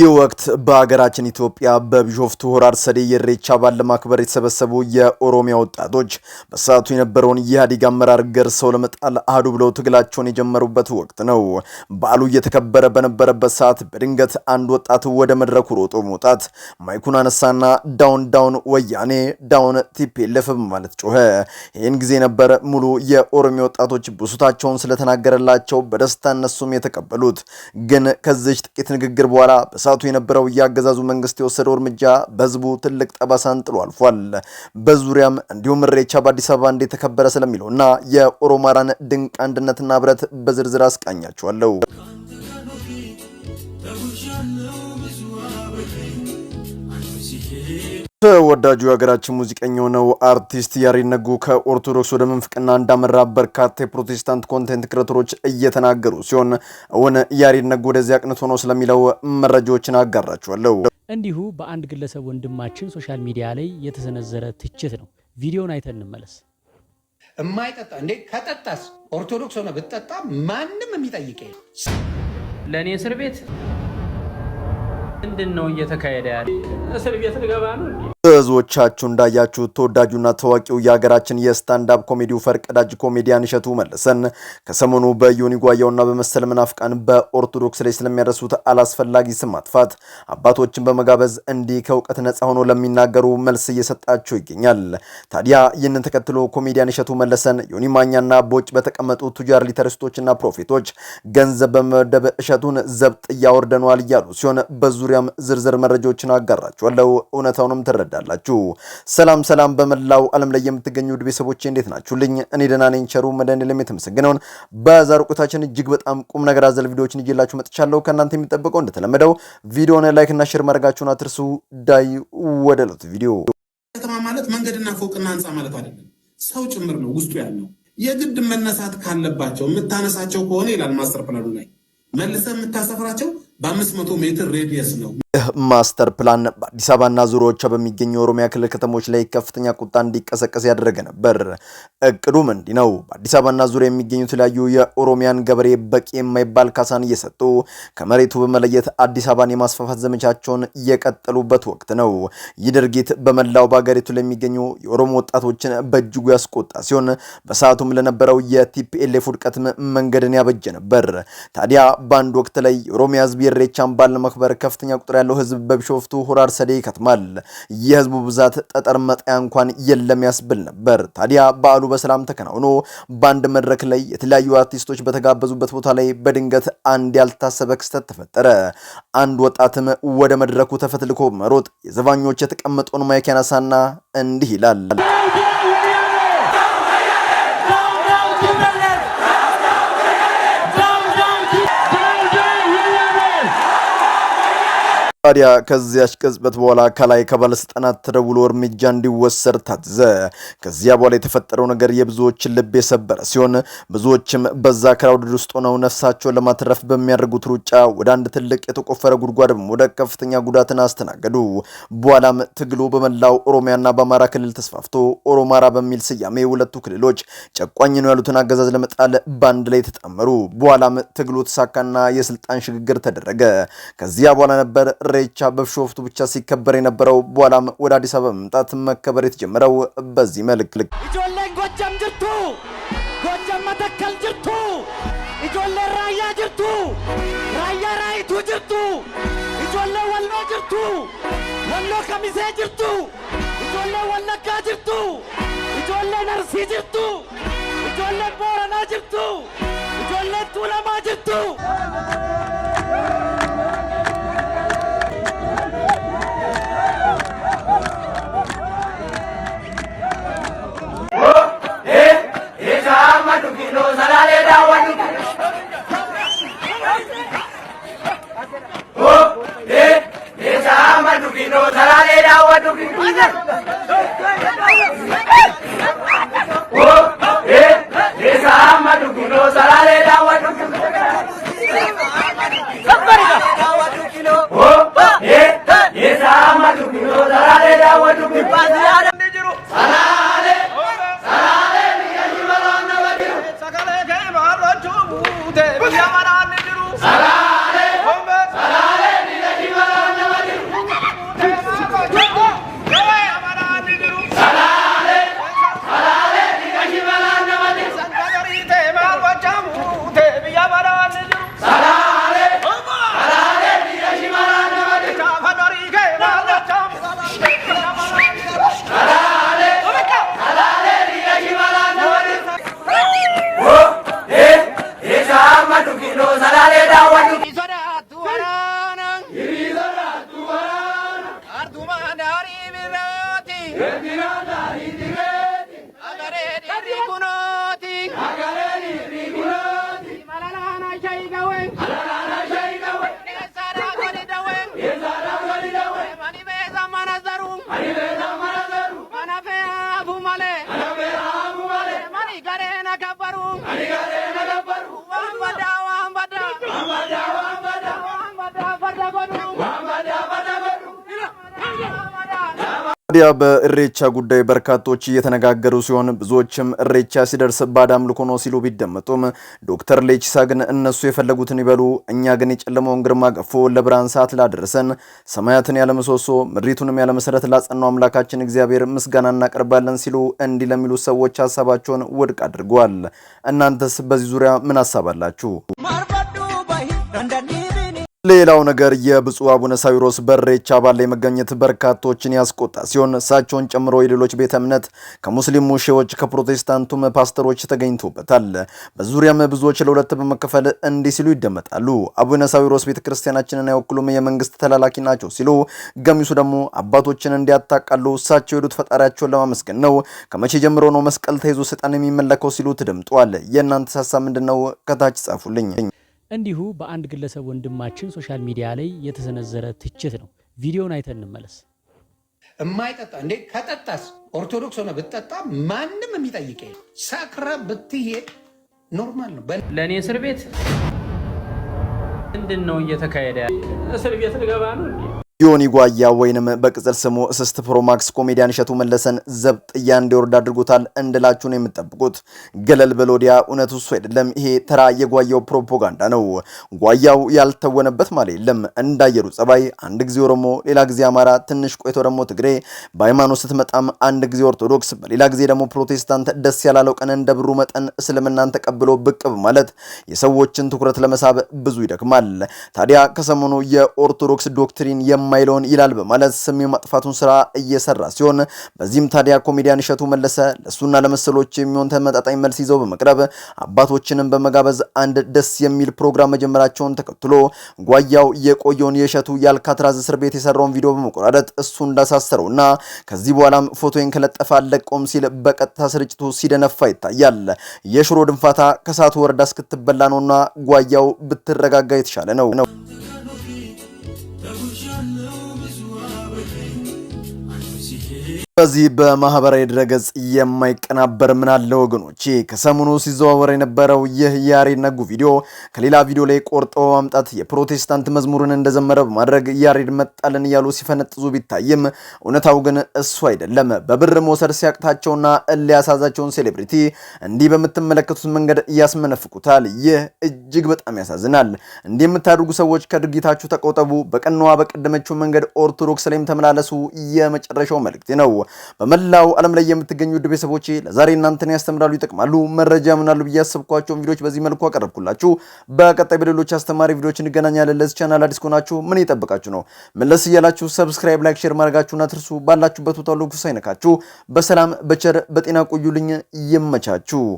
ይህ ወቅት በሀገራችን ኢትዮጵያ በቢሾፍቱ ሆራ አርሰዴ የኢሬቻ በዓል ለማክበር የተሰበሰቡ የኦሮሚያ ወጣቶች በሰዓቱ የነበረውን የኢህአዴግ አመራር ገርሰው ለመጣል አህዱ ብለው ትግላቸውን የጀመሩበት ወቅት ነው። በዓሉ እየተከበረ በነበረበት ሰዓት በድንገት አንድ ወጣት ወደ መድረኩ ሮጦ መውጣት ማይኩን አነሳና ዳውን ዳውን ወያኔ ዳውን ቲፒኤልኤፍ በማለት ጮኸ። ይህን ጊዜ ነበር ሙሉ የኦሮሚያ ወጣቶች ብሶታቸውን ስለተናገረላቸው በደስታ እነሱም የተቀበሉት። ግን ከዚች ጥቂት ንግግር በኋላ በሰዓቱ የነበረው የአገዛዙ መንግስት የወሰደው እርምጃ በህዝቡ ትልቅ ጠባሳን ጥሎ አልፏል። በዙሪያም እንዲሁም ሬቻ በአዲስ አበባ እንደተከበረ እና የኦሮማራን ድንቅ አንድነትና ህብረት በዝርዝር አስቃኛቸዋለሁ። ተወዳጁ የሀገራችን ሙዚቀኛ የሆነው አርቲስት ያሬድ ነጉ ከኦርቶዶክስ ወደ ምንፍቅና እንዳመራ በርካታ የፕሮቴስታንት ኮንቴንት ክሬተሮች እየተናገሩ ሲሆን እውን ያሬድ ነጉ ወደዚህ አቅንቶ ነው ስለሚለው መረጃዎችን አጋራችኋለሁ። እንዲሁ በአንድ ግለሰብ ወንድማችን ሶሻል ሚዲያ ላይ የተሰነዘረ ትችት ነው። ቪዲዮን አይተን እንመለስ። የማይጠጣ እንዴ? ከጠጣስ ኦርቶዶክስ ሆነ ብትጠጣ ማንም የሚጠይቅ ለእኔ እስር ቤት ምንድን ነው እየተካሄደ ያለ? እስር ቤት ልገባ ነው ብዙዎቻችሁ እንዳያችሁ ተወዳጁና ታዋቂው የሀገራችን የስታንዳፕ ኮሜዲው ፈርቀዳጅ ኮሜዲያን እሸቱ መለሰን ከሰሞኑ በዮኒ ጓያውና በመሰል ምናፍቃን በኦርቶዶክስ ላይ ስለሚያደርሱት አላስፈላጊ ስም ማጥፋት አባቶችን በመጋበዝ እንዲህ ከእውቀት ነፃ ሆኖ ለሚናገሩ መልስ እየሰጣቸው ይገኛል። ታዲያ ይህንን ተከትሎ ኮሜዲያን እሸቱ መለሰን ዮኒ ማኛና በውጭ በተቀመጡ ቱጃር ሊተርስቶችና ፕሮፌቶች ገንዘብ በመመደብ እሸቱን ዘብጥ እያወርደነዋል እያሉ ሲሆን በዙሪያም ዝርዝር መረጃዎችን አጋራችኋለሁ። እውነታውንም ተረዳ ትረዳላችሁ። ሰላም ሰላም፣ በመላው ዓለም ላይ የምትገኙ ውድ ቤተሰቦች እንዴት ናችሁልኝ? እኔ ደህና ነኝ። ቸሩ መድኃኔዓለም የተመሰገነውን። በዛሬው ቆይታችን እጅግ በጣም ቁም ነገር አዘል ቪዲዮዎችን ይዤላችሁ መጥቻለሁ። ከእናንተ የሚጠበቀው እንደተለመደው ቪዲዮውን ላይክ እና ሼር ማድረጋችሁን አትርሱ። ዳይ ወደ ዕለቱ ቪዲዮ ከተማ ማለት መንገድና ፎቅና ህንፃ ማለት አይደለም፣ ሰው ጭምር ነው ውስጡ ያለው። የግድ መነሳት ካለባቸው የምታነሳቸው ከሆነ ይላል ማስተር ፕላኑ ላይ መልሰ የምታሰፍራቸው በአምስት መቶ ሜትር ሬዲየስ ነው። ይህ ማስተር ፕላን በአዲስ አበባና ዙሪያዎቿ በሚገኙ የኦሮሚያ ክልል ከተሞች ላይ ከፍተኛ ቁጣ እንዲቀሰቀስ ያደረገ ነበር። እቅዱም እንዲህ ነው። በአዲስ አበባና ዙሪያ የሚገኙ የተለያዩ የኦሮሚያን ገበሬ በቂ የማይባል ካሳን እየሰጡ ከመሬቱ በመለየት አዲስ አበባን የማስፋፋት ዘመቻቸውን የቀጠሉበት ወቅት ነው። ይህ ድርጊት በመላው በሀገሪቱ ለሚገኙ የኦሮሞ ወጣቶችን በእጅጉ ያስቆጣ ሲሆን በሰዓቱም ለነበረው የቲፒኤልኤፍ ውድቀትም መንገድን ያበጀ ነበር። ታዲያ በአንድ ወቅት ላይ የኦሮሚያ ህዝብ የኢሬቻን በዓል ለማክበር ከፍተኛ ቁጥር ያለው ህዝብ በቢሾፍቱ ሆራር ሰዴ ይከትማል። የህዝቡ ብዛት ጠጠር መጣያ እንኳን የለም ያስብል ነበር። ታዲያ በዓሉ በሰላም ተከናውኖ በአንድ መድረክ ላይ የተለያዩ አርቲስቶች በተጋበዙበት ቦታ ላይ በድንገት አንድ ያልታሰበ ክስተት ተፈጠረ። አንድ ወጣትም ወደ መድረኩ ተፈትልኮ መሮጥ የዘፋኞች የተቀመጠውን ማይክ ያነሳና እንዲህ ይላል። ታዲያ ከዚያች ቅጽበት በኋላ ከላይ ከባለስልጣናት ተደውሎ እርምጃ እንዲወሰድ ታዘዘ። ከዚያ በኋላ የተፈጠረው ነገር የብዙዎችን ልብ የሰበረ ሲሆን ብዙዎችም በዛ ክራውድ ውስጥ ሆነው ነፍሳቸውን ለማትረፍ በሚያደርጉት ሩጫ ወደ አንድ ትልቅ የተቆፈረ ጉድጓድ ወደ ከፍተኛ ጉዳትን አስተናገዱ። በኋላም ትግሉ በመላው ኦሮሚያና በአማራ ክልል ተስፋፍቶ ኦሮማራ በሚል ስያሜ ሁለቱ ክልሎች ጨቋኝ ነው ያሉትን አገዛዝ ለመጣል በአንድ ላይ ተጣመሩ። በኋላም ትግሉ ተሳካና የስልጣን ሽግግር ተደረገ። ከዚያ በኋላ ነበር ኢሬቻ በሾፍቱ ብቻ ሲከበር የነበረው በኋላም ወደ አዲስ አበባ መምጣት መከበር የተጀመረው በዚህ መልክ ልክ ኢጆሌን ጎጃም ጅርቱ ጎጃም መተከል ጅርቱ ኢጆሌ ራያ ጅርቱ ራያ ራይቱ ጅርቱ ኢጆሌ ወሎ ጅርቱ ወሎ ከሚሴ ጅርቱ ኢጆሌ ወለጋ ጅርቱ ኢጆሌ ነርሲ ጅርቱ ኢጆሌ ቦረና ጅርቱ ኢጆሌ ቱለማ ጅርቱ Hadi. ታዲያ በእሬቻ ጉዳይ በርካቶች እየተነጋገሩ ሲሆን ብዙዎችም እሬቻ ሲደርስ ባዕድ አምልኮ ነው ሲሉ ቢደመጡም ዶክተር ሌቺሳ ግን እነሱ የፈለጉትን ይበሉ፣ እኛ ግን የጨለመውን ግርማ ገፎ ለብርሃን ሰዓት ላደረሰን ሰማያትን ያለመሰሶ ምድሪቱንም ያለመሰረት ላጸናው አምላካችን እግዚአብሔር ምስጋና እናቀርባለን ሲሉ እንዲህ ለሚሉ ሰዎች ሀሳባቸውን ውድቅ አድርገዋል። እናንተስ በዚህ ዙሪያ ምን ሀሳብ አላችሁ? ሌላው ነገር የብፁዕ አቡነ ሳዊሮስ በኢሬቻ በዓል ላይ መገኘት በርካቶችን ያስቆጣ ሲሆን እሳቸውን ጨምሮ የሌሎች ቤተ እምነት ከሙስሊሙ ሼዎች ከፕሮቴስታንቱም ፓስተሮች ተገኝቶበታል። በዙሪያም ብዙዎች ለሁለት በመከፈል እንዲህ ሲሉ ይደመጣሉ። አቡነ ሳዊሮስ ቤተ ክርስቲያናችንን አይወክሉም፣ የመንግስት ተላላኪ ናቸው ሲሉ ገሚሱ ደግሞ አባቶችን እንዲያታቃሉ እሳቸው የሄዱት ፈጣሪያቸውን ለማመስገን ነው። ከመቼ ጀምሮ ነው መስቀል ተይዞ ሰይጣን የሚመለከው ሲሉ ተደምጧል። የእናንተ ሀሳብ ምንድን ነው? ከታች ጻፉልኝ። እንዲሁ በአንድ ግለሰብ ወንድማችን ሶሻል ሚዲያ ላይ የተሰነዘረ ትችት ነው። ቪዲዮን አይተን እንመለስ። የማይጠጣ እንዴ? ከጠጣስ ኦርቶዶክስ ሆነ ብትጠጣ ማንም የሚጠይቅ ሰክረ ብትሄድ ኖርማል ነው። ለእኔ እስር ቤት ምንድን ነው እየተካሄደ? እስር ቤት ልገባ ነው ዮኒ ጓያ ወይንም በቅጽል ስሙ ስስት ፕሮማክስ ኮሜዲያን እሸቱ መለሰን ዘብጥያ እንዲወርድ አድርጎታል እንድላችሁ ነው የምጠብቁት። ገለል በሎዲያ እውነት እሱ አይደለም። ይሄ ተራ የጓያው ፕሮፓጋንዳ ነው። ጓያው ያልተወነበት ማለት የለም። እንዳየሩ ጸባይ፣ አንድ ጊዜ ኦሮሞ፣ ሌላ ጊዜ አማራ፣ ትንሽ ቆይቶ ደግሞ ትግሬ፣ በሃይማኖት ስትመጣም አንድ ጊዜ ኦርቶዶክስ፣ በሌላ ጊዜ ደግሞ ፕሮቴስታንት፣ ደስ ያላለው ቀን እንደ ብሩ መጠን እስልምናን ተቀብሎ ብቅብ ማለት የሰዎችን ትኩረት ለመሳብ ብዙ ይደክማል። ታዲያ ከሰሞኑ የኦርቶዶክስ ዶክትሪን የማይለውን ይላል በማለት ስም የማጥፋቱን ስራ እየሰራ ሲሆን በዚህም ታዲያ ኮሜዲያን እሸቱ መለሰ ለሱና ለመሰሎች የሚሆን ተመጣጣኝ መልስ ይዘው በመቅረብ አባቶችንም በመጋበዝ አንድ ደስ የሚል ፕሮግራም መጀመራቸውን ተከትሎ ጓያው የቆየውን የእሸቱ የአልካትራዝ እስር ቤት የሰራውን ቪዲዮ በመቆራረጥ እሱ እንዳሳሰረውና ከዚህ በኋላም ፎቶዬን ከለጠፈ አለቀውም ሲል በቀጥታ ስርጭቱ ሲደነፋ ይታያል። የሽሮ ድንፋታ ከሳቱ ወረዳ እስክትበላ ነውና ጓያው ብትረጋጋ የተሻለ ነው። አልፌሻለሁ ብዙ አብሬ አንቺ ሲሄድ በዚህ በማህበራዊ ድረገጽ የማይቀናበር ምን አለ ከሰሙኑ ከሰሞኑ ሲዘዋወር የነበረው ይህ ያሬድ ነጉ ቪዲዮ ከሌላ ቪዲዮ ላይ ቆርጦ በማምጣት የፕሮቴስታንት መዝሙርን እንደዘመረ በማድረግ ያሬድ መጣልን እያሉ ሲፈነጥዙ ቢታይም እውነታው ግን እሱ አይደለም። በብር መውሰድ ሲያቅታቸውና እል ያሳዛቸውን ሴሌብሪቲ እንዲህ በምትመለከቱት መንገድ እያስመነፍቁታል። ይህ እጅግ በጣም ያሳዝናል። እንዲህ የምታደርጉ ሰዎች ከድርጊታችሁ ተቆጠቡ። በቀናዋ በቀደመችው መንገድ ኦርቶዶክስ ላይም ተመላለሱ። የመጨረሻው መልእክት ነው። በመላው ዓለም ላይ የምትገኙ ውድ ቤተሰቦቼ ለዛሬ እናንተን ያስተምራሉ፣ ይጠቅማሉ፣ መረጃ ምናሉ ብዬ ያሰብኳቸውን ቪዲዮዎች በዚህ መልኩ አቀረብኩላችሁ። በቀጣይ በሌሎች አስተማሪ ቪዲዮዎች እንገናኛለን። ለዚህ ቻናል አዲስ ከሆናችሁ ምን እየጠበቃችሁ ነው? መለስ እያላችሁ ሰብስክራይብ፣ ላይክ፣ ሼር ማድረጋችሁን አትርሱ። ባላችሁበት ቦታ ሁሉ ክፉ ሳይነካችሁ በሰላም በቸር በጤና ቆዩልኝ። ይመቻችሁ።